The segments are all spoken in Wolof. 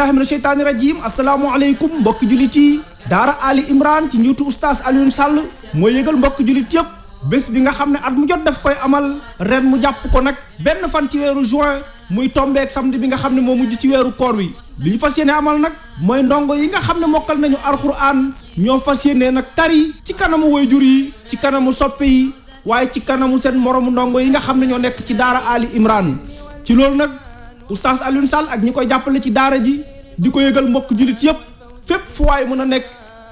billahi mina sheytaani rajim asalaamaaleykum mbokki jullit yi daara ali imran ci njiitu oustaz Alioune Sall moo yëgal mbokki jullit yëpp bés bi nga xam ne at mu jot daf koy amal ren mu jàpp ko nag benn fan ci weeru juin muy tombeeg samedi bi nga xam ne moo mujj ci weeru koor wi li ñu fas yéene amal nag mooy ndongo yi nga xam ne mokkal nañu alxuraan ñoo fas yéene nag tari ci kanamu woy wayjur yi ci kanamu soppe yi waaye ci kanamu seen moromu ndongo yi nga xam ne ñoo nekk ci daara ali imran ci oustaz Alioune Sall ak ñi koy jàppale ci daara ji di ko yëgal mbokk jullit yëpp fépp fu waay mën a nekk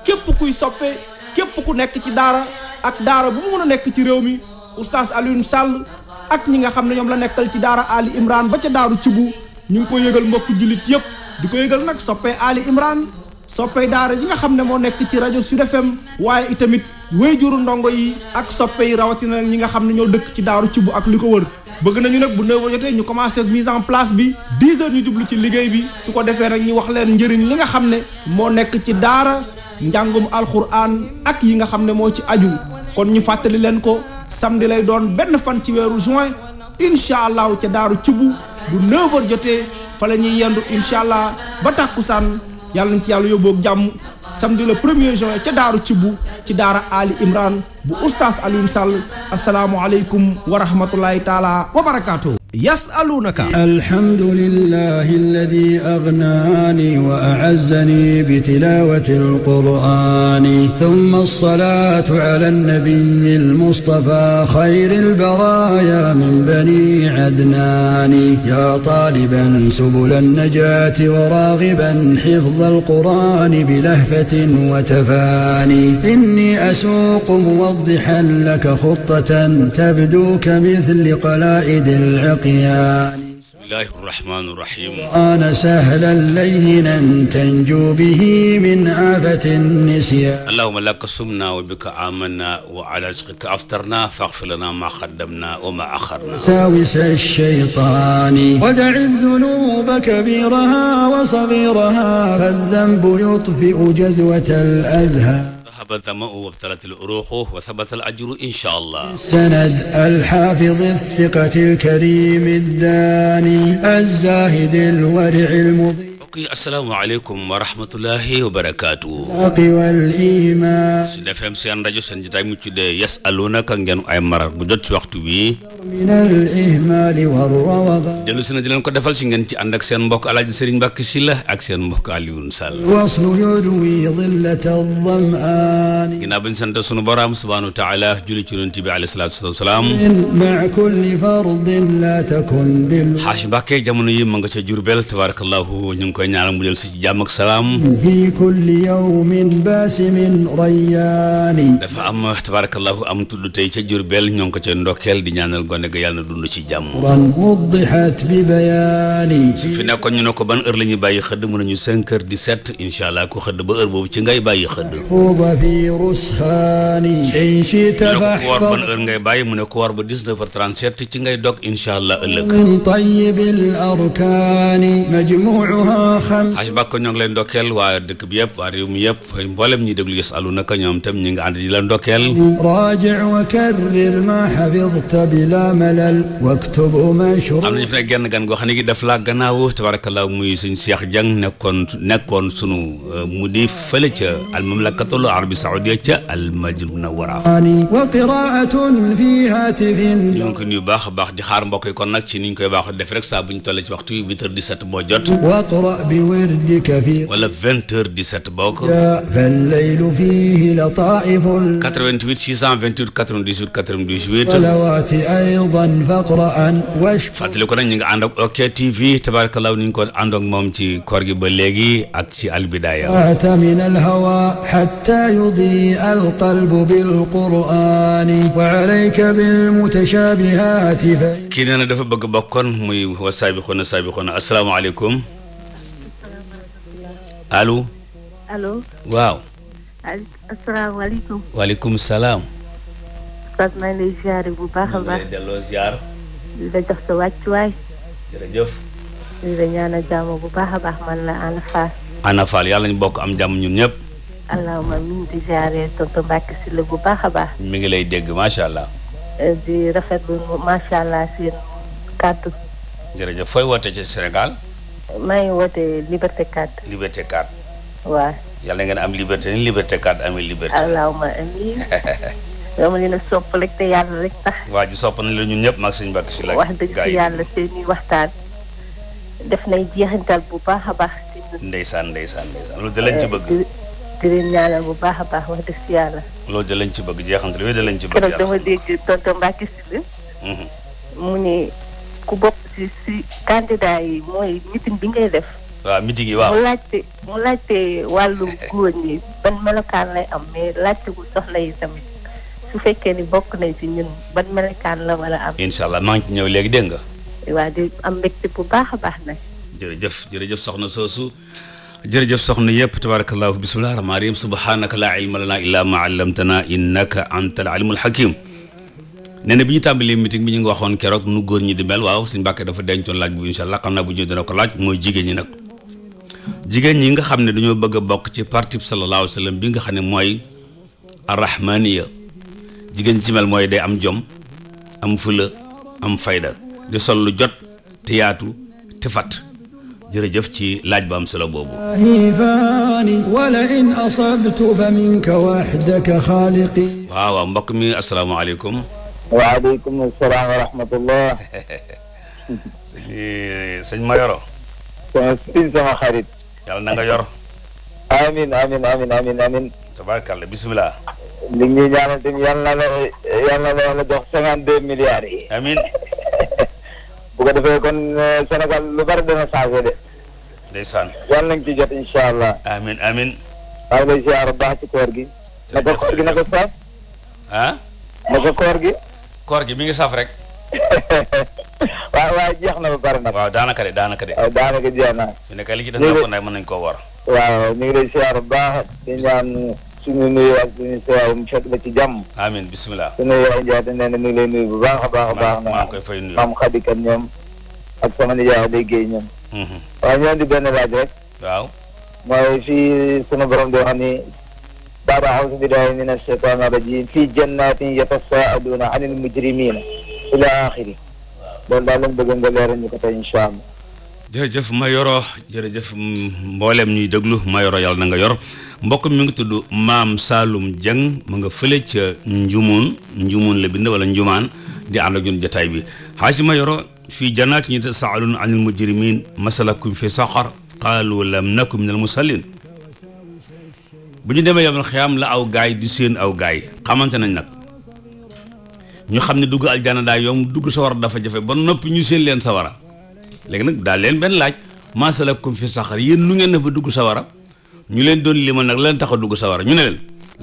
képp kuy soppe képp ku nekk ci daara ak daara bu mu a nekk ci réew mi oustaz Sall ak ñi nga xam ne ñoom la nekkal ci daara Ali Imran ba ca daaru Cubu ñu ngi ko yëgal mbokk jullit yëpp di ko yëgal nag soppe Ali Imran soppee daara ji nga xam ne moo nekk ci rajo Sud FM waaye itamit wéy juru ndongo yi ak soppee yi rawatina ñi nga xam ne ñoo dëkk ci daaru Cubu ak li ko wër bëgg nañu nag bu 9 jotee ñu commencé mise en place bi 10h ñu jublu ci liggéey bi su ko defee rek ñu wax leen njëriñ li nga xam ne moo nekk ci daara njàngum alxuraan ak yi nga xam ne moo ci aju kon ñu fàttali leen ko samedi lay doon benn fan ci weeru juin incha allah ca daaru cubu bu 9h jotee fa la ñuy yendu incha allah ba tàkkusaan yàlla nañ ci yàlla yóbboog jàmm. samedi le premier juin ca daaru Cibbu ci daara Ali Imran bu oustaz Alioune Sall asalaamualeykum wa rahmatulahi taala wa barakaatu. يسألونك الحمد لله الذي أغناني وأعزني بتلاوة القرآن ثم الصلاة على النبي المصطفى خير البرايا من بني عدنان يا طالبا سبل النجاة وراغبا حفظ القرآن بلهفة وتفاني إني أسوق موضحا لك خطة تبدو كمثل قلائد العقل يلتقيان بسم الله الرحمن الرحيم أنا سهلا لينا تنجو به من آفة النسيان اللهم لك صمنا وبك آمنا وعلى رزقك أفطرنا فاغفر لنا ما قدمنا وما أخرنا وساوس الشيطان ودع الذنوب كبيرها وصغيرها فالذنب يطفئ جذوة الأذهان ثبت الماء وابتلت الأروح وثبت الأجر إن شاء الله سند الحافظ الثقة الكريم الداني الزاهد الورع المضيء mbokk yi asalaamaaleykum wa rahmatullahi wa barakaatu. Sud FM seen rajo seen jotaay mu tuddee yasalunaka ngeen ay maral bu jot ci waxtu bi dellu si na di leen ko defal si ngeen ci ànd ak seen mbokk Alaaji Sëriñ Mbàkke Sylla ak seen mbokk Alioune Sall. ginnaaw bi ñu sant sunu borom subhaanahu wa taala julli ci yonent bi alayhi salaatu wa salaam. xaasi Mbàkke jamono yi ma nga ca Jurbel tabarakallahu ñu ngi koy ñaanal mu del si ci jàmm ak salaam fi kulli yawmin basimin rayyaani dafa am tabarakallahu am tudd tey ca Jurbel ñoo ngi ko ca ndokkeel di ñaanal gone ga yàlla na dund ci jàmm wuddihat bi bayaani su fi nekkoon ñu ne ko ban heure la ñuy bàyyi xëdd mu nañu cinq heures dix-sept incha allah ku xëdd ba heure boobu ci ngay bàyyi xëdd fuuba fi rusxaani in shita ñu ne ko woor ban heure ngay bàyyi mu ne ko woor ba dix-neuf heures trente-sept ci ngay dog incha allah ëllëg min tayyib al arkaani majmuuha aj bàkko ñoo ngi leen ndokkeel waa dëkk bi yëpp waa réew mi yëpp mboolem ñi déglu yes alu naka ñoom tam ñi nga ànd di la ndokkeel raaji wa karrir ma xafidta bila malal waktub ma shur am nañu fi nag genn gan goo xam ne gi daf laa gannaaw tabarakallah muy suñ Cheikh Dieng nekkoon nekkoon sunu euh, mu di fële ca al mamlakatul arabi saoudia ca al madina wara wa qiraatun fi hatifin ñoo ngi ko nuyu baax a baax di xaar mbokk yi kon nag ci niñ koy baax def rek saa buñ tolle ci waxtu 8h17 moo jot بوردك في ولا 20h17 bokk فالليل فيه لطائف 88 628 98 98 صلوات أيضا فاقرأ واش fàttali ko nag ñu ngi ànd ak OK TV tabarakallah ni ñu ko ànd ak moom ci koor gi ba léegi ak ci albidaaya من الهوى حتى يضيء القلب بالقرآن وعليك بالمتشابهات kii nee na dafa bëgg bokkoon muy wa saabixoona saabixoona asalaamaaleykum allo. allo. waaw. asalaamaaleykum. waaleykum salaam. Fatou maa ngi lay bu baax a baax. ngi lay delloo ziar. di sa wàccuwaay. jërëjëf. di la ñaanal jàmm bu baax a baax man la Ana Fall. Ana bokk am jàmm ñun ñëpp. allahuma mi ngi di si la bu baax a baax. mi ngi lay dégg macha allah. Eh, di rafetlu macha allah jërëjëf fooy woote ci Sénégal. maa ngi woote Liberté 4. Liberté 4. waaw. yàlla ngeen am liberté ni Liberté 4 amee liberté. allahumma amiin. dama leen a sopp rek te yàlla rek tax. waa ji sopp na la ñun ñëpp mag suñu mbokk si la. wax dëgg si yàlla seeni waxtaan. def nay jeexintal bu baax a baax. ndeysaan ndeysaan ndeysaan loolu de lañ ci euh, bëgg. di leen ñaanal bu baax a baax wax dëgg si yàlla. loolu de lañ ci bëgg jeexantal yooyu de lañ ci bëgg. yàlla keroog dama dégg tonton Mbacke Sylla. Mhm. mu ne. ku bokk ci ci yi mooy meeting bi ngay def. mu laajte mu laajte wàllu góor ñi ban melokaan lay am mais laajte gu soxla yi tamit su fekkee ni bokk nay ci ñun ban melokaan la wala am. incha allah maa ngi ci ñëw léegi dégg nga. waa di am mbégte bu baax a baax na. jërëjëf jërëjëf soxna soosu. jërëjëf soxna yëpp tabaarakallaahu bismillaahi rahmaani rahiim subhaanaka laa ilma lanaa illaa maa allamtanaa innaka antal aliimul hakiim nee bi ñu tàmbalee meeting bi ñu ngi waxoon keroog nu góor ñi di mel waaw suñu mbàkke dafa dencoon laaj bu incha allah xam naa bu ñu dina ko laaj mooy jigéen ñi nag ñi nga xam ne dañoo bëgg a bokk ci parti bi sallallahu alayhi wa bi nga xam ne mooy arrahmaniya jigéen ci mel mooy day am jom am fula am fayda di sol lu jot tiyaatu yaatu te jërëjëf ci laaj bu am solo boobu waaw waaw mbokk mi asalaamaaleykum waaleykum salaam wa rahmatullah. sëñ sëñ Mayoro. sama sëñ sama xarit. yàlla na nga yor. amiin amiin amiin amiin amiin. tabaarkalla bisimilah. li ñuy ñaanal tamit yal na la yal na la yàlla jox cinquante deux milliards yi. amiin. bu ko defee kon euh, Sénégal lu bari dana changé de. ndeysaan. yal nañ ci jot incha allah. amiin amiin. maa ngi lay ziar baax ci koor gi. naka koor gi naka sax. ah. naka koor gi. koor gi mi ngi saf rek. waaw waaw jeex na ba pare nag. waaw daanaka de daanaka de. daanaka jeex na. fi nekk da ci des nag mën nañu koo war. waaw ñu ngi lay siyaar bu baax di ñaan suñu nuyu ak suñu siyaar mu fekk la ci jàmm. amiin bisimilah. suñu yaay njaay dañ leen ñu ngi lay nuyu bu baax a baax a baax. maa ngi koy fay nuyu maam Xadi Kan ñoom ak sama nijaay day géey ñoom. Mhm. waaw ñoo di benn laaj rek. waaw. mooy fii suñu borom di wax ni. بعد أعوذ بالله من الشيطان الرجيم في جنات يتساءلون عن المجرمين إلى آخره loolu daal lañ bëgg nga leeral ñu ko jërëjëf mboolem ñuy déglu Mayoro yàlla yor mbokk mi ngi tudd maam Saloum Dieng mu nga fële ca Njumun Njumun la bind wala Njumaan di ànd ak ñun jotaay bi Haji Mayoro fii jannaat ñi tasaalun anil mujrimin masalakum fi saqar qaalu lam naku min al bu ñu demee yomal xiyaam la aw gaay di seen aw gaay xamante nañ nag ñu xam ne dugg aljana daa yomb dugg sa sawara dafa jafe ba noppi ñu seen leen sawara léegi nag daal leen benn laaj maa salakum fi saxar yéen nu ngeen def ba dugg sawara ñu leen doon limal nag leen tax a dugg sawara ñu ne leen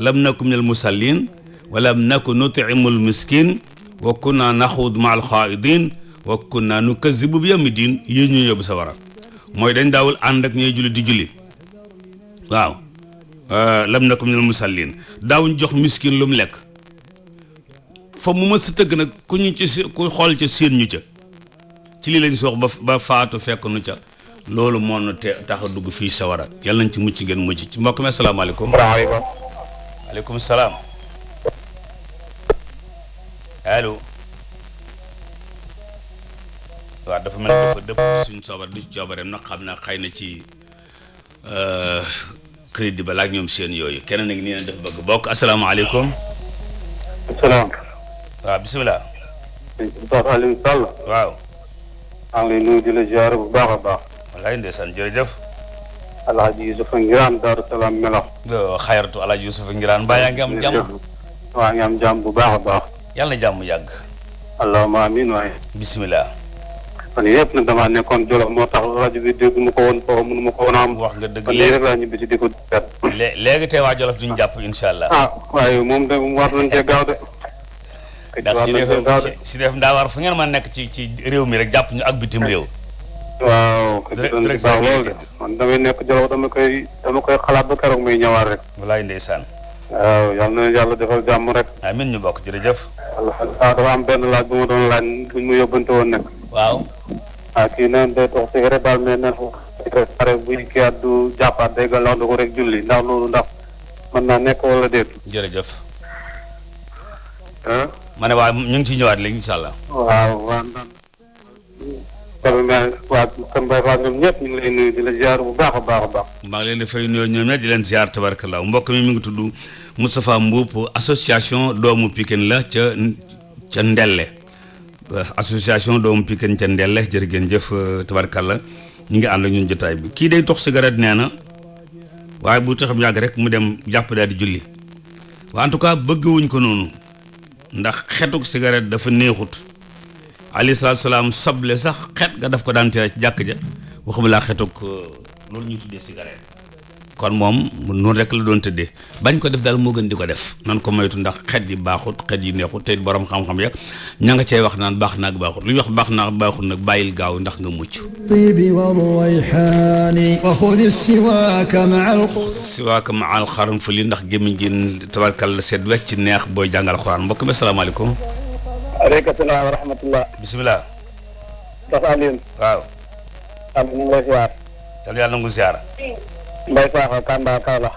lam naku min al musallin wa lam naku nutimu al miskin wa kunna naxuud ma al xaaidin wa kunna nukazibu bi yawmi diin yéen ñu yóbbu sawara mooy dañ daawul ànd ak ñooy julli di julli Euh, lam na naku minal musallin daawuñ jox miskin lu mu lekk fa mu si tëgg nag ku ñu ci ku xool ca séen ñu ca ci lii lañ soox ba faatu fekk nu ca loolu moo nu te tax dugg fii sawara yàlla nañ ci mucc ngeen mucc ci mbokk mi asalaamaaleykum waaleykum aleykum salaam allo waaw dafa mel dafa dëpp suñ soobar du ci coobareem nag xam naa xay na ci euh, crédit ba laaj ñoom seen yooyu keneen ak nii dafa bëgg bokk asalaamaaleykum. salaam. waaw bisimilah. Oustaz Alioune Sall. ngi lay nuyu di la ziare bu baax a baax. walaay ndeysaan jërëjëf. El Salaam Melax. xayratu El Hadj Youssouf Ngiraan mbaa yaa ngi am jàmm. waa ngi am jàmm bu baax a baax. yàlla na jàmm fan yëpp nag damaa nekkoon Jolof moo tax rajo bi dégg ma ko woon ko mënu ma ko woon am. wax nga dëgg léegi rek laa ñibbi si di ko jàpp. léegi tey waa Jolof duñ jàpp incha allah. ah waaye moom de war de. ndax si def si def nekk ci ci réew mi rek jàpp ñu ak bitim réew. waaw dëgg baax lool de man damay nekk Jolof dama koy dama koy xalaat ba keroog muy ñëwaat rek. walaay ndeysaan. waaw yal na yàlla defal jàmm rek. amiin ñu bokk jërëjëf. alhamdulilah dafa am benn laaj bu ma doon laaj bu ñu yóbbante woon nag. waaw. ah kii neen de tox sigara daal mais neen bu ñu kii at du jàppaat day gàllankoor ko rek julli ndax loolu ndax mën naa nekk wala déet. jërëjëf. ah. ma ne waa ñu ngi ciy ñëwaat léegi incha allah. waaw waaw. tamit waa Kër Mbaye Fall ñoom ñëpp ñu ngi lay nuyu di la ziar bu baax a baax a baax. maa ngi leen di fay nuyoo ñoom ñëpp di leen ziar tabarkallah mbokk mi mu ngi tudd Moustapha Mboup association doomu Pikine la ca ca Ndelle. association doomu Pikine ca Ndelle jërë ngeen jëf euh, tabarkalla ñu ngi ànd ak jotaay bi kii day tox cigarette nee na waaye bu tax mu yàgg rek mu dem jàpp daal di julli waaye en bëggewuñ ko noonu ndax xetuk cigarette dafa neexut alayhi salaam soble sax xet nga daf ko daan tere ci jàkk ja waxuma laa xetuk euh, loolu ñu tuddee cigarette kon moom noonu rek la doon tëddee bañ ko def daal moo gën di ko def nan ko moytu ndax xet yi baaxut xet yi neexut te borom xam-xam ya ña nga cay wax naan baax naag baaxut lu ñu wax baax naag baaxut nag bàyyil gaaw ndax nga mucc siwaaka ma al xaran fu li ndax gémmiñ gi tabarkal la seet wecc neex booy jàngal xuraan mbokk mi asalaamaaleykum aleykum salaam wa rahmatullah bisimilah tas Alioune waaw am ñu ngi lay ziar yàlla yàlla nangu ziar Mbaye Sakho Tamba Kaolack.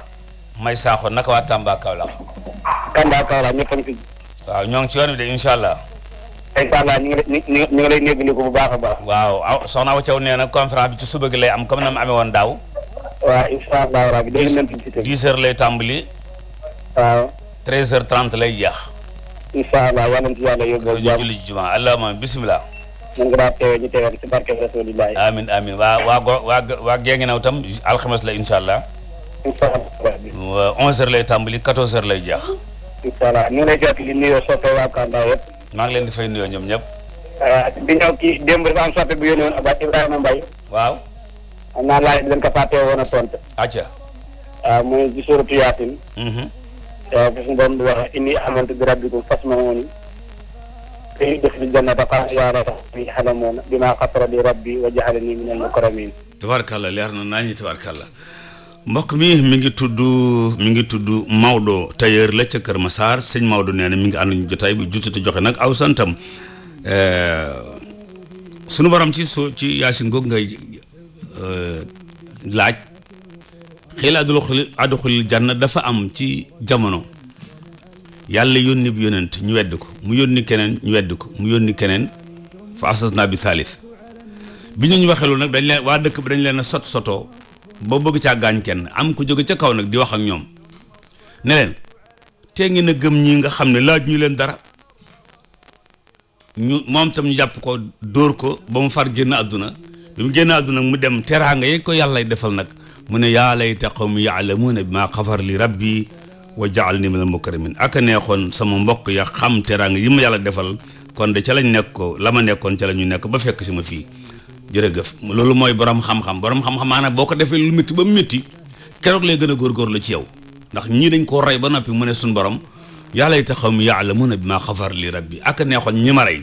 Mbaye Sakho naka waa Tamba Kaolack. Tamba Kaolack ñëpp a ngi fi. waaw ñoo ngi ci yoon bi de incha allah. incha allah ñu ngi ñu lay néegandiku bu baax a baax. waaw soxna Awa Thiaw nee na conférence bi ci suba gi lay am comme na mu amee woon daaw. waaw incha allah rabi dégg nañ fi. 10 heures lay tàmbali. waaw. 13 heures 30 lay jeex. incha allah wàllum ci yàlla yóbbu. ñu julli juma allahumma bisimilah. mun nga baa teewee ñu teewee ci barke rasulillahi amin amin waa waa go waa waa Guinguinéo tam alxames la incha allah onze heures lay tàmbali quatorze heures lay jeex incha allah ñu ngi lay jot li nuyoo soppe waa Kamba yëpp maa ngi leen di fay nuyoo ñoom ñëpp ah, di ñëw kii démb dafa am soppe bu yónnee woon Abba Ibrahima Mbaye waaw am naa laaj bi leen ko fàttee woon a tontu acca ah, muy ci suuratu Yaasin te mhm. ah, suñu borom di wax inni amantu bi rabbikum sayudxil aljannata qaala yaa laytahum ya'lamuuna bimaa xafara li rabbi wa ja'alanii min al-mukramiin tabarkalla leer na naa ñi tabarkalla mbokk mi mi ngi tudd mi ngi tudd Maodo tailleur la ca Kër Massar sëñ Maodo nee na mi ngi ànd ñu jotaay bu jutatu joxe nag aw santam eh, sunu borom ci su ci yaasin goog ngay eh, laaj xëy na adduxul janna dafa am ci jamono yàlla yónni bu yónent ñu wedd ko mu yónni keneen ñu wedd ko mu yónni keneen fa asas naa bi thalith bi ñu waxee loolu nag dañ leen waa dëkk bi dañ leen sot soto ba bëgg caa gaañ kenn am ko jóge ca kaw nag di wax ak ñoom ne leen tee ngeen a gëm ñi nga xam ne laaj ñu leen dara ñu moom tam ñu jàpp ko dóor ko ba mu far génn àdduna bi mu génn àdduna mu dem teraanga yi ko yàlla defal nag mu ne yi yaa layta qawmi yaalamuuna bi maa xafar li rabbi wa ja'alni minal mukramin ak a neexoon sama mbokk ya xam teraanga yi ma yàlla defal kon de ca lañ nekk ko la ma nekkoon ca la ñu nekk ba fekk si ma fii jërëjëf loolu mooy borom xam-xam borom xam-xam maanaam boo ko defee lu métti ba mu métti keroog lay gën a la ci yow ndax ñii dañ koo rey ba noppi mu ne suñu borom yàlla yi taxaw mu yàlla ya'lamuna bima xafar li bi ak neexoon ñi ma rey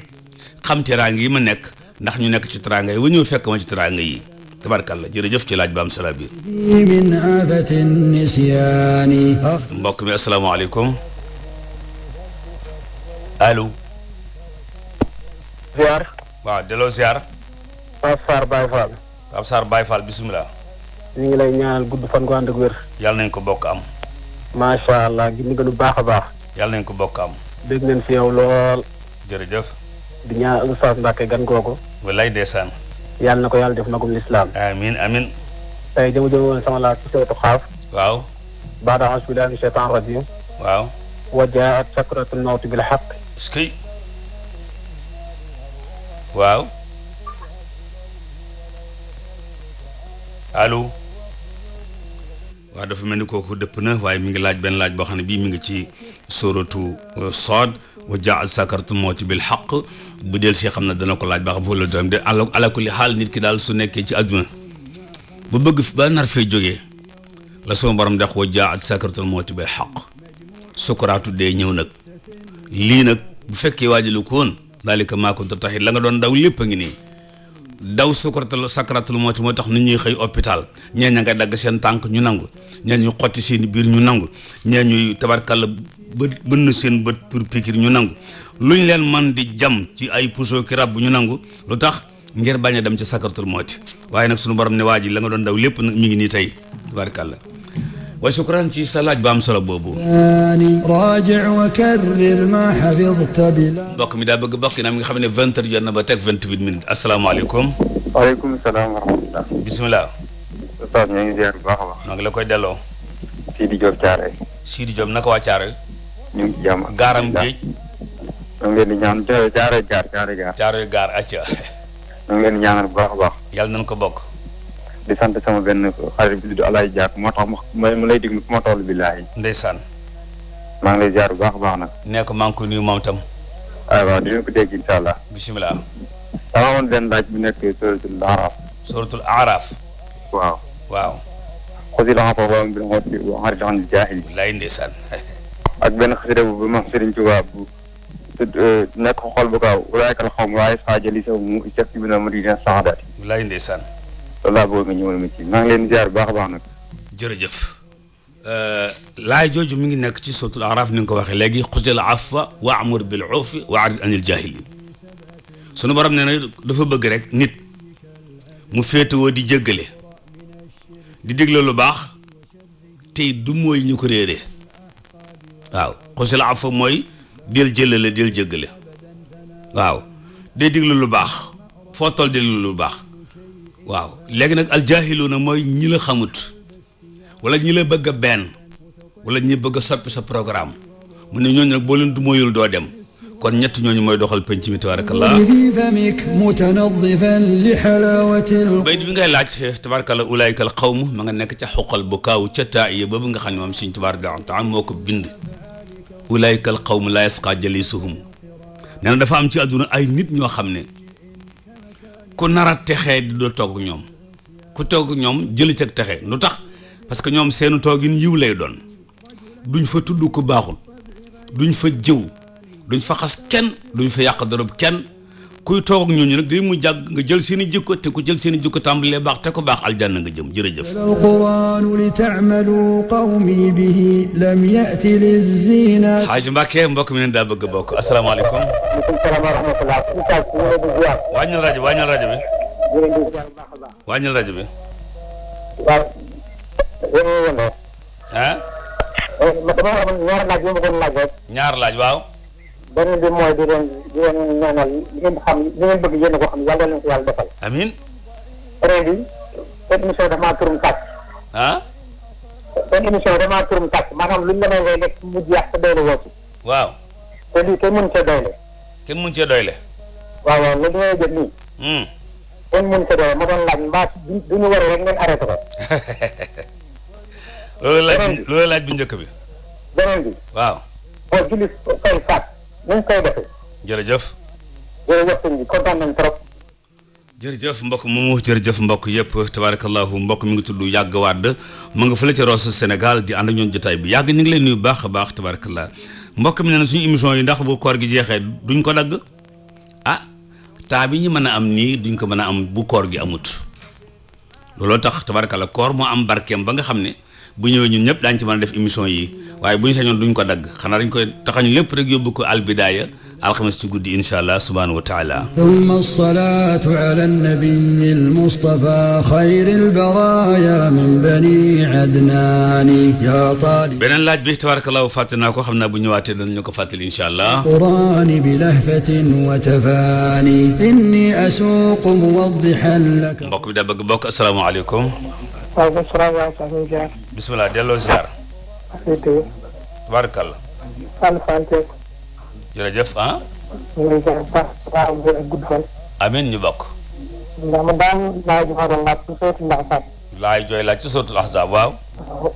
xam teraanga yi ma nekk ndax ñu nekk ci teraanga yi ñëw fekk ma ci teraanga yi tabarkalla jërëjëf ci laaj ba am sala biir min aafati nisyaani mbokk mi asalaamaaleykum allo ziar waaw delloo ziar Pape Sarr Baye Fall Pape Sarr ñu ngi lay ñaanal gudd fan gu ànd ak wér yàlla nañ ko bokk am macha allah gi ñu gënu baax a baax yàlla nañ ko bokk am dégg nañ fi yow lool jërëjëf di ñaanal Oustaz Mbacke gan googu wallaay ndeysaan yàlla na ko yàlla def magum lislaam amin amin tey jëmu jëm woon sama laaj ci sewtu xaaf waaw baada auzu billahi min shaytan rajim waaw wa jaat sakratu mawti bil xaq ski waaw allo waa dafa mel ni kooku dëpp na waaye mi ngi laaj benn laaj boo xam ne bii mi ngi ci suratu euh, Saad wa jaa sakartul mawti bil xaq bu del si xam ne dana ko laaj baa xam foofu nit ki daal su nekkee ci àdduna bu bëgg ba nar fee jógee la sama borom dex wa jaa sakartul moo bil xaq sukuraatu dee ñëw nag lii nag bu fekkee waajalu ko woon daalika maa kunta taxit la nga doon daw lépp a ngi nii daw sukaratul sakaratul mooti moo tax nit ñuy xëy hôpital ñee ña nga dagg seen tànk ñu nangu ñee ñu xotti seen biir ñu nangu ñee ñuy tabarkàlla bë bënn seen bët pour pikir ñu nangu lu ñu leen man di jam ci ay puso ki rab bu ñu nangu lu tax ngir bañ dem ci sakaratul mooti waaye nag sunu borom ne waa ji la nga doon daw lépp nag mi ngi nii tey tabarkàlla wa shukran ci sa laaj bu am solo boobu. mbokk mi daa bëgg bokk naa mi nga xam ne vingt heures jot na ba teg vingt-huit minutes asalaamaaleykum. waaleykum salaam wa rahmatulah. bisimilah. Oustaz ñu ngi ziar bu baax a baax. maa ngi la koy delloo. Sidi Diop Thiaré. Sidi Diop naka waa Thiaré. ñu ngi ci jàmm. Gaaram Géej. ñu ngi leen di ñaan Thiaré Gaar Thiaré Gaar. Thiaré Gaar acca. ñu ngi leen di ñaanal bu baax a baax. yàlla nañu ko bokk. di sant sama benn xarit bi di Alaay Jaak moo tax ma lay déglu fu ma toll bi laay. ndeysaan. maa ngi lay jaar bu baax a baax nag. nee ko maa ngi ko nuyu moom itam. Ah, waaw dinañ ko dégg incha allah. bisimilah. dama amoon benn laaj nekk suratul Araf. suratul Araf. waaw. waaw. bu ma Sëriñ Tuubaa bu nekk xol bu xaw ma waaye Sadio Lissaw mu càkk bi na ma di leen sax daal. walaay ndeysaan. loolu laa bëgg nga ma ci maa a baax nag. jërëjëf euh, laay jooju mu ngi nekk ci suratul Araf ni nga ko waxee léegi xusil afwa wa amur bil urfi wa arid anil jaahiliin sunu borom nee na dafa bëgg rek nit mu féetewoo di jéggale di digle lu baax tey du mooy ñu ko réeree waaw xusil afwa mooy del jëlale del jéggale waaw day digle lu baax foo toll digle lu baax. waaw léegi nag aljaahiluuna mooy ñi la xamut wala ñi la bëgg a benn wala ñi bëgg a soppi sa programme mun ne ñooñu nag boo leen du moyul doo dem kon ñett ñooñu mooy doxal penc mi tabarakallah bayt bi ngay laaj tabarakallah ulaayika al qawm ma nga nekk ca xoqal bu kaaw ca taa iya boobu nga xam ne moom suñ tabarakallah moo ko bind ulaayika al qawm la yasqa jalisuhum nee na dafa am ci àdduna ay nit ñoo xam ne ku nar a texee di doo togg ñoom ku togg ñoom jëli cag texe lu tax parce que ñoom seenu toogin yiw lay doon duñ fa tudd ku baaxul duñ fa jëw duñ fa xas kenn duñ fa yàq dërëb kenn kuy toog ak ñooñu nag day mu jàgg nga jël seen i jikko te ku jël seen i jikko tàmbalee baax te ko baax aljanna nga jëm jërëjëf alquran li taamalu qawmi bihi lam yati lizina xaaj Mbàkke mbokk mi neen daa bëgg a bokk asalaamaaleykum aleykum salaam wa rahmatullah wàññil rajo bi wàññil rajo bi wàññil rajo bi ah ñaar laaj waaw beneen bi mooy di leen di leen ñaanal li ngeen xam li ngeen bëgg yéen a ko xam yàlla leen ko yàlla defal. amiin. ren bi seen émission damaa turum tàcc. ah. seen émission damaa turum tàcc maanaam luñ la may ngay nekk mu jeex te doyle woo ci. waaw. te lii kenn mënu cee doyle. kenn mënu cee doyle. waaw waaw li ngay jël nii. Hmm. kenn mënu cee doyle ma doon laaj mbaa du ñu waree rek ngeen arrêté ko. loolu laaj loolu laaj bu njëkk bi. beneen bi. waaw. boo julli fay sàcc. nañ koy defee. jërëjëf. jërëjëf sëñ bi kontaan nañ jëf mbokk moomu jërëjëf mbokk yëpp tabarakallahu mbokk mi ngi tudd yàgg wadd mu nga fële ca Rosso Sénégal di ànd ñoom jotaay bi yàgg ñu ngi leen nuyu baax a baax tabarakallah mbokk mi ne suñu émission yi ndax bu koor gi jeexee duñ ko dagg ah taa bi mën a am nii duñ ko mën a am bu koor gi amut looloo tax tabarakallah koor moo am barkeem ba nga xam ne bu ñëwee ñun ñëpp daañu ci mën a def émission yi waaye bu ñu sañoon duñ ko dagg xanaa dañ koy taxañ lépp rek yóbbu ko albidaaya alxames ci guddi insha allah subhanahu wa taala thumma salaatu ala nabiy almustafa xayri albaraya min bani adnaani ya taalib beneen laaj bi tabarakallahu fàtte naa ko xam naa bu ñëwaatee danañu ko fàttali insha allah qurani bi lahfatin wa tafaani inni asuuqu muwaddihan lak mbokk bi daa bëgg bokk asalaamaaleykum waaw ba Surabaay sax ñu jaar. bisimilah delloo ziar. asalaamaaleykum. tubaarkàlla. Fane Fane Seck. jërëjëf ah. ñu ngi jar baax waaw bu ak gudd fan. amiin ñu bokk. ndax ma daan laaj ma doon laaj ci sootu ndax sax. laay jooy laaj ci sootu ndax sax waaw.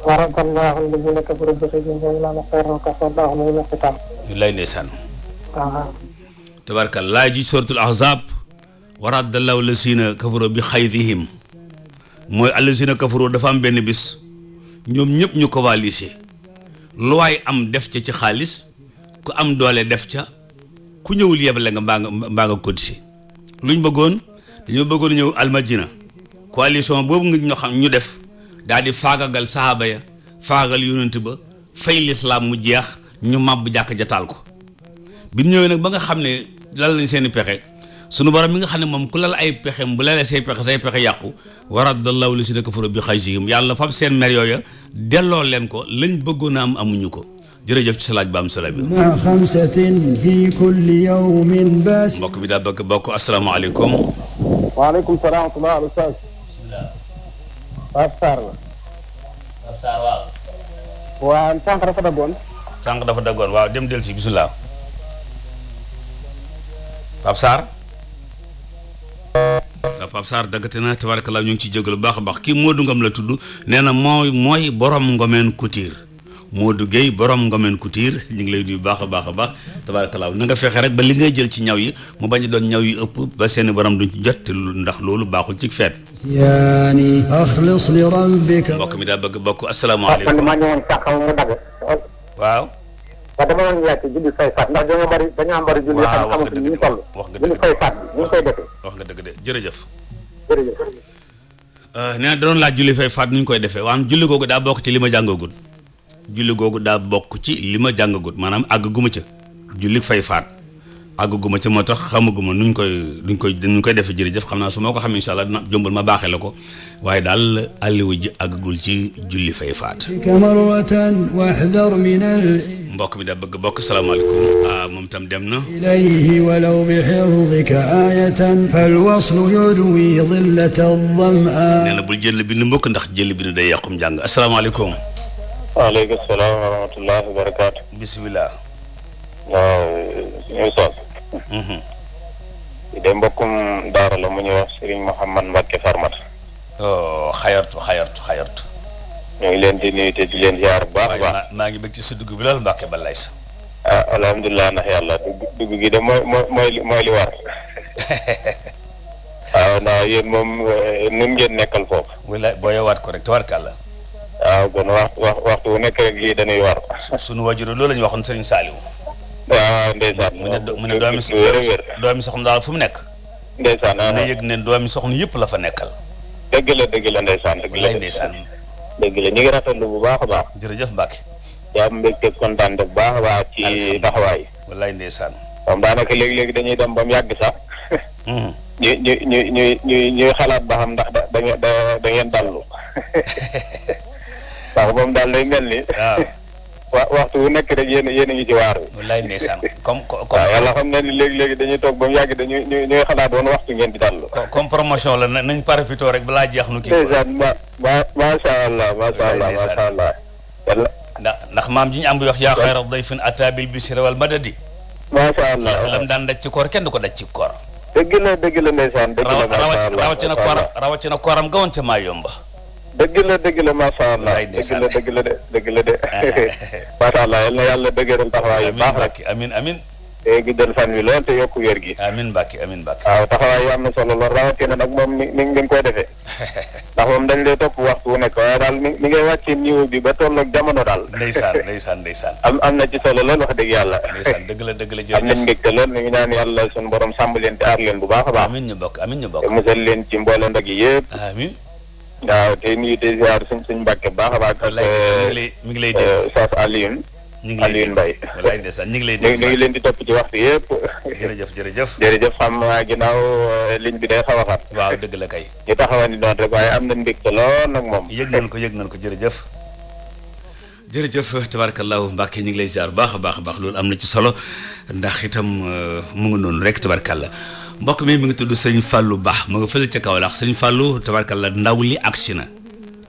wa rabbanaa allaziina kafaru bi ghayzihim lam yanalu khayran wa kafallaahu al-mu'miniina al-qitaal. lay ndeysaan. waaw. Ah. tubaarkàlla laay ji sootul ahzaab wa raddallahu allaziina kafaru bi ghayzihim mooy na kafaru dafa am benn bis ñoom ñëpp ñu ko lu luwaay am def ca ci xaalis ku am doole def ca ku ñëwul yebale nga mbaa nga mbaa nga cotisé luñ bëggoon dañoo bëggoon ñëw almadina coalition boobu nga ñu xam ñu def daal di faagagal sahaaba ya faagal yonent ba fay lislaam mu jeex ñu màbb jàkk ja taal ko bi mu ñëwee nag ba nga xam ne lal nañ seeni pexe sunu bara mi nga xam ne moom ku lal ay pexem bu say pexe say pexe yàqu waradallahu li si na kafaru bi xajihim yàlla fab seen mer yooya delloo leen ko lañ bëggoon am amuñu ko jërëjëf ci salaaj ba am solo bi ma xamsatin fi kulli yawmin bas mbokk bi daa bëgg bokk asalaamaaleykum waaleykum salaam wa waaw dafa dem del si bisimilah waaw Pape Sarr daggate na tabarakallaa ñu ngi ci jégalu bu baax a baax kii Modou Ngom la tudd nee na mooy mooy borom Ngomeen Couture Modou Gueye borom Ngomeen Couture ñu ngi lay nuyu baax a baax a baax tabarakallaa na nga fexe rek ba li ngay jël ci ñaw yi mu bañ a doon ñaw yi ëpp ba seeni borom duñ ci jot te ndax loolu baaxul ci feet yaani axlis li rabbika mbokk mi daa bëgg bokk asalaamaaleykum waaw waaw dama doon laajte julli fay faat ndax dañoo bari dañoo bari julli yoo xam xamatuñ ñu wax nga dëgg de jërëjëf jërëjëf euh, nee laa julli fay faat nu ñu koy defee waaw julli googu daa bokk ci li ma jàngagul julli googu daa bokk ci li ma jàngagul maanaam àgg guma ca julli fay faat àggaguma ci moo tax xamaguma nuñ koy duñ koy nuñ koy defee jërëjëf xam naa su ma ko xam incha allah dina jëmbal ma baaxee la ko waaye daal àlliwa ji àggagul ci julli fay faat mbokk mi da bëgg bokk salaamaaleykum ah moom tam dem na ilayhi walaw bi hirdika ayatan fal waslu yudwi dhillata dhama nee na bul jël bi nu mbokk ndax jël bi nu day yàqum njàng asalaamaaleykum waaleykum salaam wa rahmatulah wa barakaatu bisimilah waaw i de mbokkum daara la mu ñuy wax Serigne Mouhamad Mbacke Farmat oh xayartu xayartu xayartu ñoo ngi leen di nuyu te di leen ziar bu baax maa ngi bëgg ci sa dugg bi loolu Mbacke balay sa ah alhamdulilah ndax yàlla dugg dugg gi de mooy mooy mooy li war waaw ah, naa yéen moom eh, nun ngeen nekkal foofu wala boo yowaat ko rek te warkàlla waaw ah, kon wax wax waxtu wu nekk rek lii dañuy war suñu wajur loolu la ñu waxoon Serigne Saliou waaw ndeysaan mu ne doomi doomi daal fu mu nekk ndeysaan na ah. yëg ne doomi soxna yëpp la fa nekkal dëgg la dëgg la ndeysaan dëgg la ndeysaan dëgg la ñu ngi rafetlu bu baax a baax jërëjëf Mbacke yaa mbégte kontaan de bu baax a baax ci taxawaay wallaay ndeysaan comme daanaka léegi-léegi dañuy dem ba mu yàgg sax hmm. ñu ñu ñu ñu ñu ñuy xalaat ba xam ndax da da da ngeen dallu ndax moom daal day mel ni waaw wa waxtu wu nekk rek yéen yéen a ngi ci waaru wallaay ndeysaan comme comme yàlla xam na ni léegi-léegi dañuy toog ba mu yàgg dañuy ñu ñuy xalaat woon waxtu ngeen di dall comme promotion la nañ parafitoo rek balaa jeex nu kii ndeysaan ma ma macha allah macha allah macha ndax ndax maam ji ñu am bu wax yaa xayra dayfin ataa bil bishri wal madadi macha allah lam daan daj ci koor kenn du ko daj ci koor dëgg la dëgg la ndeysaan dëgg la rawatina koor rawatina kooram gawoon ca maa yomba dëgg la dëgg la macha allah dëgg la dëgg la de dëgg la de ah, ah, ah, macha allah yal na yàlla dëggeeral taxawaay yu baax rek amin amin te guddal fan wi lool te yokku wér gi amin Mbacke amin Mbacke waaw taxawaay yu am na solo lool rawatina nag moom ni ni ngeen koy defee ndax moom dañ lay topp waxtu wu nekk waaye daal ni ngay wàccee niveau bi ba toll ak jamono daal ndeysaan ndeysaan ndeysaan am am na ci solo lool wax dëgg yàlla ndeysaan dëgg la dëgg la jërëjëf am nañ mbégte lool ñu ngi naan yàlla suñu borom sàmm leen te aar leen bu baax a baax amin ñu bokk amin ñu bokk musal leen ci mboole ndog yi yëpp amin waaw tey nuyu tey ziar suñ suñ mbàkke baax a baax. mi ngi lay dégg euh, Saaf ñu ngi lay Alioune Mbaye. walaay ñu ngi lay dégg ñu leen di topp ci waxtu yëpp. jërëjëf jërëjëf. jërëjëf xam naa ginnaaw euh, ligne bi day xaw a xat. waaw dëgg la kay. ñu taxawandi noonu rek waaye am na mbégte lool nag moom. yëg nañ ko yëg nañ ko jërëjëf. jërëjëf tabarkallahu Mbacke ñu ngi lay ziar baax a baax a baax loolu am na ci solo ndax itam euh, mu noonu rek tabarkalla mbokk mi mi ngi tudd sëñ Fallou Ba mu ngi fële ca Kaolack sëñ Fallou tabarkalla ndaw li agsi na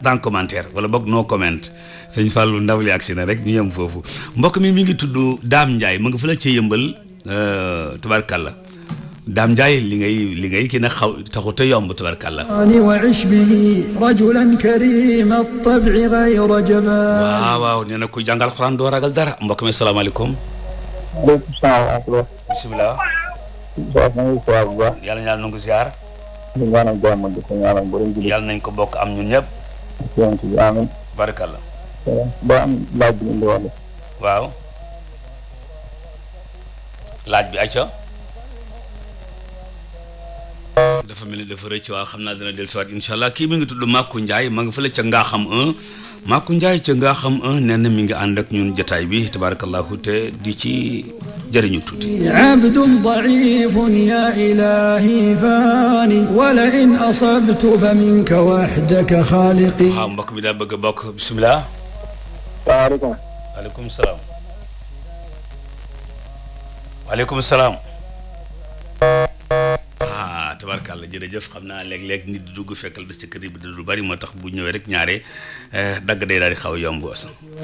dans commentaire wala boog no comment sëñ Fallou ndaw li agsi na rek ñu yem foofu mbokk mi mi ngi tudd Dame Ndiaye ma nga fële ca yëmbal euh, tabarkalla Dame Ndiaye li ngay li ngay kii nag xaw taxut a yomb tabarkalla. waaw waaw nee na ku jàngal xuraan doo ragal dara mbokk mi salaamaaleykum. maaleykum salaam wa rahmatulah. bisimilah. waaw maa ngi siyaar bu baax. yàlla ñaar nañ ko siyaar. ñu ñaanal bi. yàlla nañ ko bokk am ñun ñëpp. yonent bi amiin. barakalla. ba am laaj bi indi woon. waaw. laaj bi ayca. dafa mel ni dafa xam naa dana dellusiwaat incha allah kii mi ngi tudd Maku Ndiaye ma nga ngaa xam un Maku Ndiaye ca xam un nee na mi ngi ànd ak ñun jotaay bi tabarakallahu te di ci jëriñu tuuti abdun daifun ya ilahi fani wala in asabtu fa minka wahdaka xaaliqi waaw mbokk mi daa bëgg a bokk bisimilah waaleykum salaam tabarkàlla jërëjëf xam naa léeg-léeg nit di dugg fekkal bés ci kër bi lu bari moo tax bu ñëwee rek ñaare eh, dagg day daal di xaw yomb as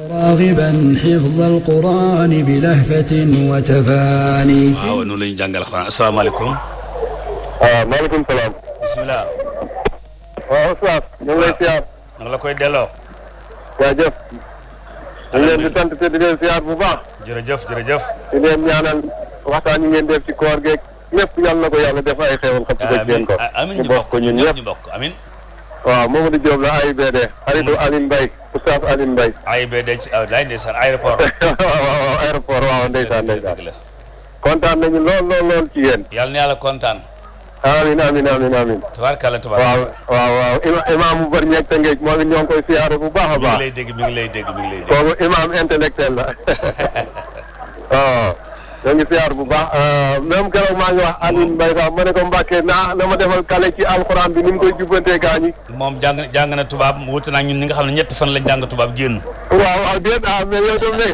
ragiban xifd alquran bi lahfatin wa tafaani waaw noonu la ñu jàngal xuraan asalaamaaleykum waaw ah, maaleykum salaam bisimilah waaw Oustaz ñu ngi lay ah. siyaar nag la koy delloo jaajëf ñu leen di sant te di leen siyaar bu baax jërëjëf jërëjëf di leen ñaanal waxtaan yi ngeen def ci koor geeg ñëpp yàlla na ko yàlla def ay xéwal xam ci ko seen ko amiin ñu bokk ñun ñëpp ñu bokk amiin waaw Mamadou Diop la AIBD xaritu Aline Mbaye Oustaz Aline Mbaye AIBD ci ah, lay ndeysaan aéroport waaw waaw aéroport waaw ndeysaan ndeysaan kontaan nañu lool lool lool ci yéen yàlla na yàlla kontaan amin amin amin amin tabaarkalla tabaarkalla waaw waaw waaw imaam bu bari ñeeg tëngeej moo ngi ñoo ngi koy siyaare bu baax a baax mi ngi lay dégg mi ngi lay dégg mi ngi lay dégg kooku imaam intellectuel la waaw ñoo ngi bu baax euh, même keroog maa ngi wax Alioune Mbaye sax ma ne ko Mbacke naa na ma defal kale ci alxuraan bi ni mu koy jubbantee kaa ñi. moom jàng jàng na tubaab mu wuti naa ñun ñi nga xam ne ñetti fan lañ jàng tubaab génn. waaw waaw ah, déet ah mais yow itam ne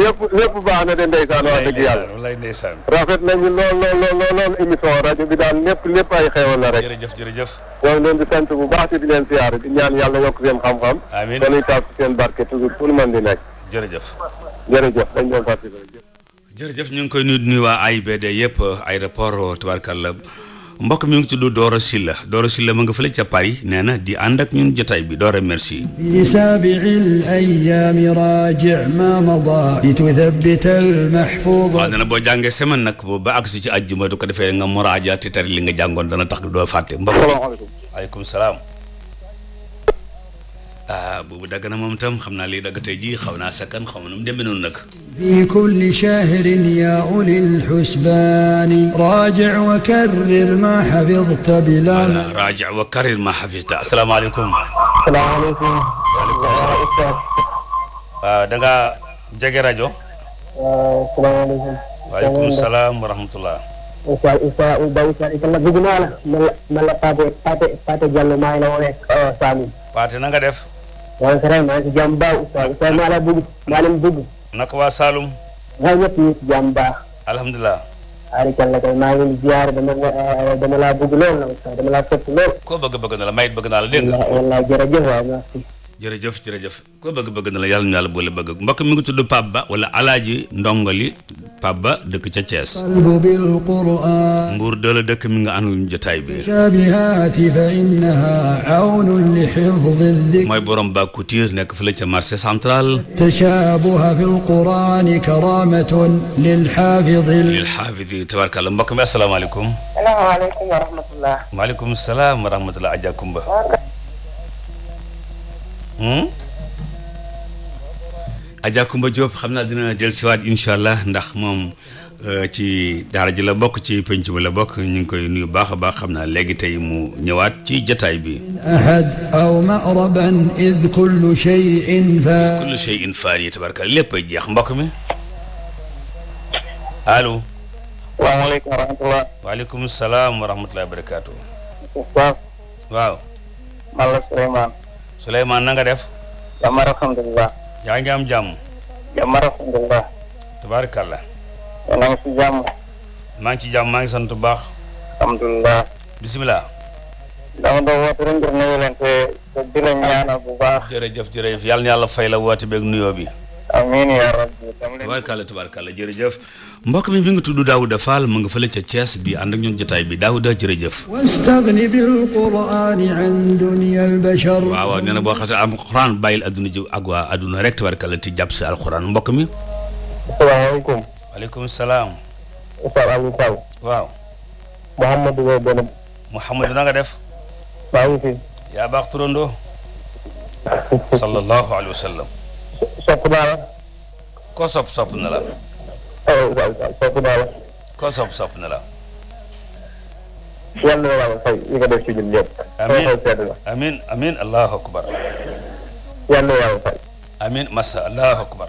lépp lépp baax na de ndeysaan wax dëgg yàlla. walaay ndeysaan rafet nañu lool lool lool lool émission rajo bi daal lépp lépp ay xéwal la rek. jërëjëf jërëjëf. ñoo ngi leen di sant bu di leen siyaar di ñaan yàlla yokk seen xam-xam. amiin dañuy taas seen barke toujours pour mën di nekk. jërëjëf. jërëjëf dañ doon fàttali jërëjëf ñu ngi koy nuyu nuyu waa ay AIBD yëpp aéroport tubaarkàlla mbokk mi ngi tudd Doro Sylla Doro Sylla ma nga fële ca Paris nee na di ànd ak ñun jotaay bi Doro merci fi sabiil ayaami raaji ma mada li tuthabbit al mahfuud waaw nee na boo jàngee seman nag boobu ba agsi ci àjjuma du ko defee nga muraaja te tari li nga jàngoon dana tax doo fàtte mbokk salaamaaleykum aleykum salaam ah na moom itam xam naa liy dagg tey ji xaw naa sakkan xaw ma nu mu demee noonu nag في كل شهر يا أولي الحسبان راجع وكرر ما حفظت بلا راجع وكرر ما حفظت السلام عليكم السلام عليكم وعليكم السلام دنگا jege rajo salaamaaleykum waaleykum salaam wa rahmatullah isa isa ba isa isa la dugg naa la man la Paate Paate Paate Diallo maa ngi la woowee Saalum Paate na nga def maa ngi si jàmm baaw isa isa maa la bëgg maa leen bëgg naka waa Saalum. waaw ñëpp ñu ci jàmm baax. alhamdulilah. aarikal la kay maa ngi ziar dama eh, dama laa bëgg lool nag dama laa sopp lool. koo bëgg bëgg na la mayit bëgg naa la dégg nga. waaw jërëjëf waaw merci. jërëjëf jërëjëf ko bëgg-bëgg na la yàlla ñu yàlla boole bëgg mbokk mi ngi tudd Pape Ba wala alaaji ndongali Pape Ba dëkk ca Thiès mbuur de la dëkk mi nga àndul jotaay bi mooy borom Bakoutir nekk fële ca marché central tashabuha fi alquran karamatun lil xaafidi tabarkalla mbokk mi asalaamaaleykum salaamaaleykum wa rahmatullah waaleykum salaam wa rahmatullah ajakumba Hmm? Adja Kumba Diop xam naa dina dellusiwaat incha allah ndax moom euh, ci daara ji la bokk ci penc bi la bokk ñu ngi koy nuyu baax a baax xam naa léegi tey mu ñëwaat ci jataay bi ahad aw maraban id kullu cheyin fa id kullu cheyin faari tabaraka lépp ay jeex mbokk mi allo salaamaaleykum wa rahmatulah waaleykum salaam wa rahmatulah wa barakaatu waaw man la Souleymane Souleymane nanga def. jàmm alhamdulilah. yaa ngi am jàmm. jàmm alhamdulilah. tabaarakallah. maa ngi ci jàmm. maa ngi ci jàmm maa ngi sant bu baax. alhamdulilah. bisimilah. dama doon woote rek ngir nuyu te di la bu baax. jërëjëf jërëjëf yàlla na yàlla fay la woote beeg nuyoo bi. tabarkalla tabarkalla jërëjëf mbokk mi mi ngi tudd Daouda Fall mu nga fële ca Thiès di ànd ak ñun jotaay bi Daouda jërëjëf wastagni an dunya al bashar waaw nee na boo xasee am xuraan bàyyil adduna ji ak waa rek tabarkalla ti jàpp si alxuraan mbokk mi salaamaaleykum waaleykum salaam Oustaz Alioune Sall waaw Mouhamadou Gueye Bonam Mouhamadou na nga turandoo ko sopp sopp na la. Oh, ko sopp sopp na la. yàlla na yàlla fay li nga def ci ñun ñëpp. amiin amiin allahu akbar. yàlla na yàlla fay. amiin massa allahu akbar.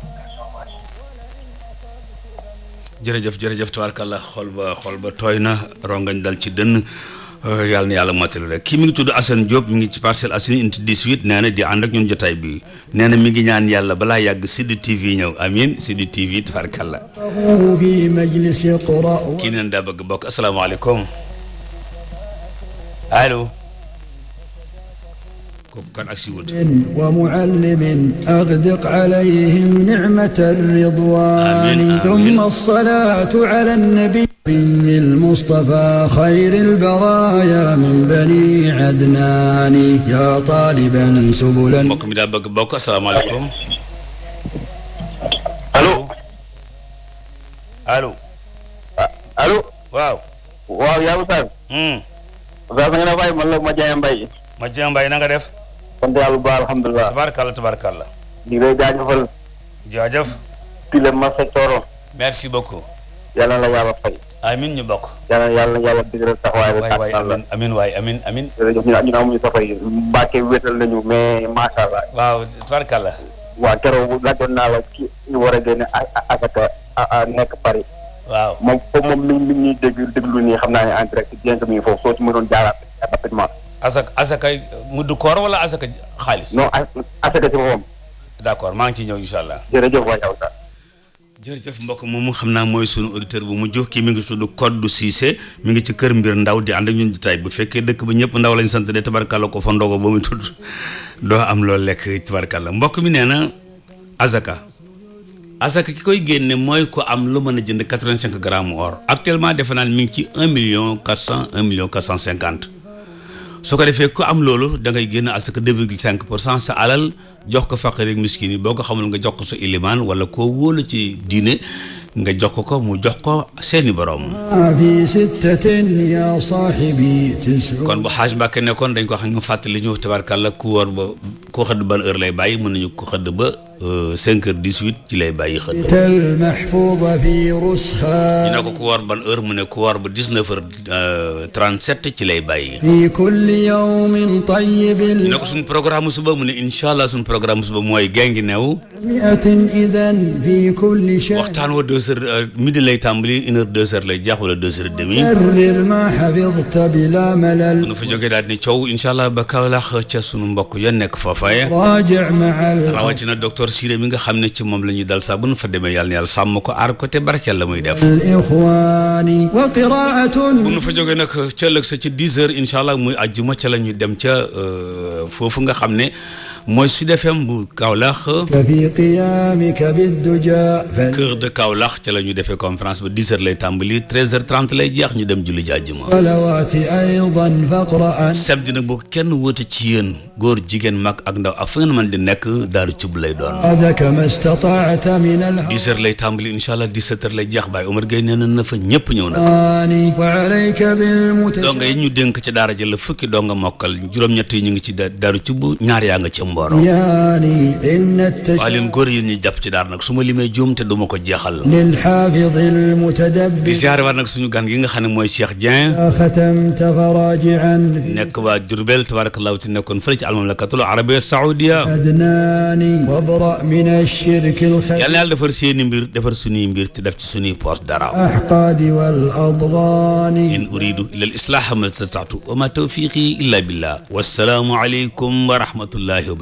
jërëjëf jërëjëf tabarkàlla xol ba xol ba tooy na rongañ dal ci dënn. Euh, yàlla na yàlla mottali rek kii mi ngi tudd Assane Diop mi ngi ci Parcelles Assainies unité 18 nee na di ànd ak ñun jotaay bi nee na mi ngi ñaan yàlla balaa yàgg Sud TV ñëw amiin Sud TV tabarkalla fi majlis qura kii neen daa bëgg bokk asalaamaaleykum allo kooku kan ak si wut wa muallimin agdiq alayhim nicmata ridwani thumma salaatu ala nabi نبي المصطفى خير البرايا من بني عدنان يا طالبا سبلا mbokk mi daa bëgg bokk asalaamaaleykum allo allo allo ah, waaw waaw yaa Oustaz hmm. Oustaz na nga ne waay man la ma jaay mbay ma jaay mbay na nga def sant yàlla bu baax alhamdulilah tabarakallah tabarakallah di lay jaajëfal jaajëf merci beaucoup yàlla la yàlla fay amin ñu bokk. yàlla yàlla yàlla dëgëral taxawaay ba. waay amin amin waay amin amin. ñu amuñu sa fay Mbacke wéetal nañu mais macha allah. waaw tubaarkàlla. waaw keroog laajoon naa la ci ñu war a génne asaka nekk Paris. waaw moom foofu moom mi ngi ñuy dégg déglu nii xam naa ne en direct bien que mi ngi foofu soo ci mënoon jaaraat rapidement. asaka asaka muddu koor wala asaka xaalis. noo asaka ci boppam. d' accord maa ngi ciy ñëw incha allah. jërëjëf waay jërëjëf mbokk moomu xam naa mooy sunu auditeur bu mujj kii mi ngi tudd Codou Cissé mi ngi ci kër mbir ndaw di ànd ak ñun jotaay bu fekkee dëkk ba ñëpp ndaw lañ sant de tabarkàlla ko fa ndogo ba muy tudd doo am loo lekk la mbokk mi nee na azaka azaka ki koy génne mooy ko am lu mën a jënd quatre-vingt-cinq or actuellement defe naa mi ngi ci un million cent un million quatre su ko defee ko am loolu da ngay génn asaka deux virgule cinq pour cent sa alal jox ko faqir ak miskin yi boo ko xamul nga jox ko sa ilimaan wala koo wóolu ci diine nga jox ko ko mu jox ko seeni borom. kon bu xaaj Mbàkke nekkoon dañ ko xam ne mu fàttali ñu tabarkàlla ku wóor ba ku xëdd ban heure lay bàyyi mën nañu ko xëdd ba. Euh, cinq heures dix-huit ci lay bàyyi xëdd ñu ne ko ku war ban heure mu ne ku war ba dix-neuf heures euh, trente-sept ci lay bàyyi ñu ne ko suñ programme suba mu ne incha allah suñ programme suba mooy gengi neew waxtaan wa deux heures euh, midi lay tàmbali une heure deux heures lay jaax wala deux heures et demi bu nu fa jógee daal ni coow incha allah ba Kaolack ca sunu mbokk ya nekk foofaye rawatina docteur docteur Siré mi nga xam ne ci moom la ñuy dal saa bu nu fa demee yàlla na yàlla sàmm ko ar ko te barkeel la muy def bu nu fa jogee nag ca ëllëg sa ci 10 heures incha allah muy ma ca la ñuy dem ca euh, foofu nga xam ne mooy Sud FM bu Kaolack. kër de Kaolack ca la ñu defee conférence ba 10h lay tàmbali 13 h lay jeex ñu dem julli jàjjuma. samedi nag boo kenn woote ci yéen góor jigéen mag ak ndaw ak fa ngeen mën di nekk daaru cub lay doon. 10h lay tàmbali incha allah 17h lay jeex Baye Omar Gueye nee na fa ñëpp ñëw nag. donga yi ñu denk ca daara ji la fukki donga mokkal juróom-ñett ñu ngi ci daaru cub ñaar yaa nga ca mbooloo waa leen góor yi ñu jàpp ci daar nag su ma limee juum te duma ko jeexal di siyaare war nag suñu gan gi nga xam ne mooy Cheikh Dieng nekk waa Jurbel tabarakallahu ti nekkoon fële ci almamlakatul arabia saoudia yàlla na yàlla defar seeni mbir defar suñuy mbir te def ci suñuy poos dara in uridu illa al islaaha ma stataatu wa ma tawfiqi illa billah wassalaamu aleykum wa rahmatullahi wa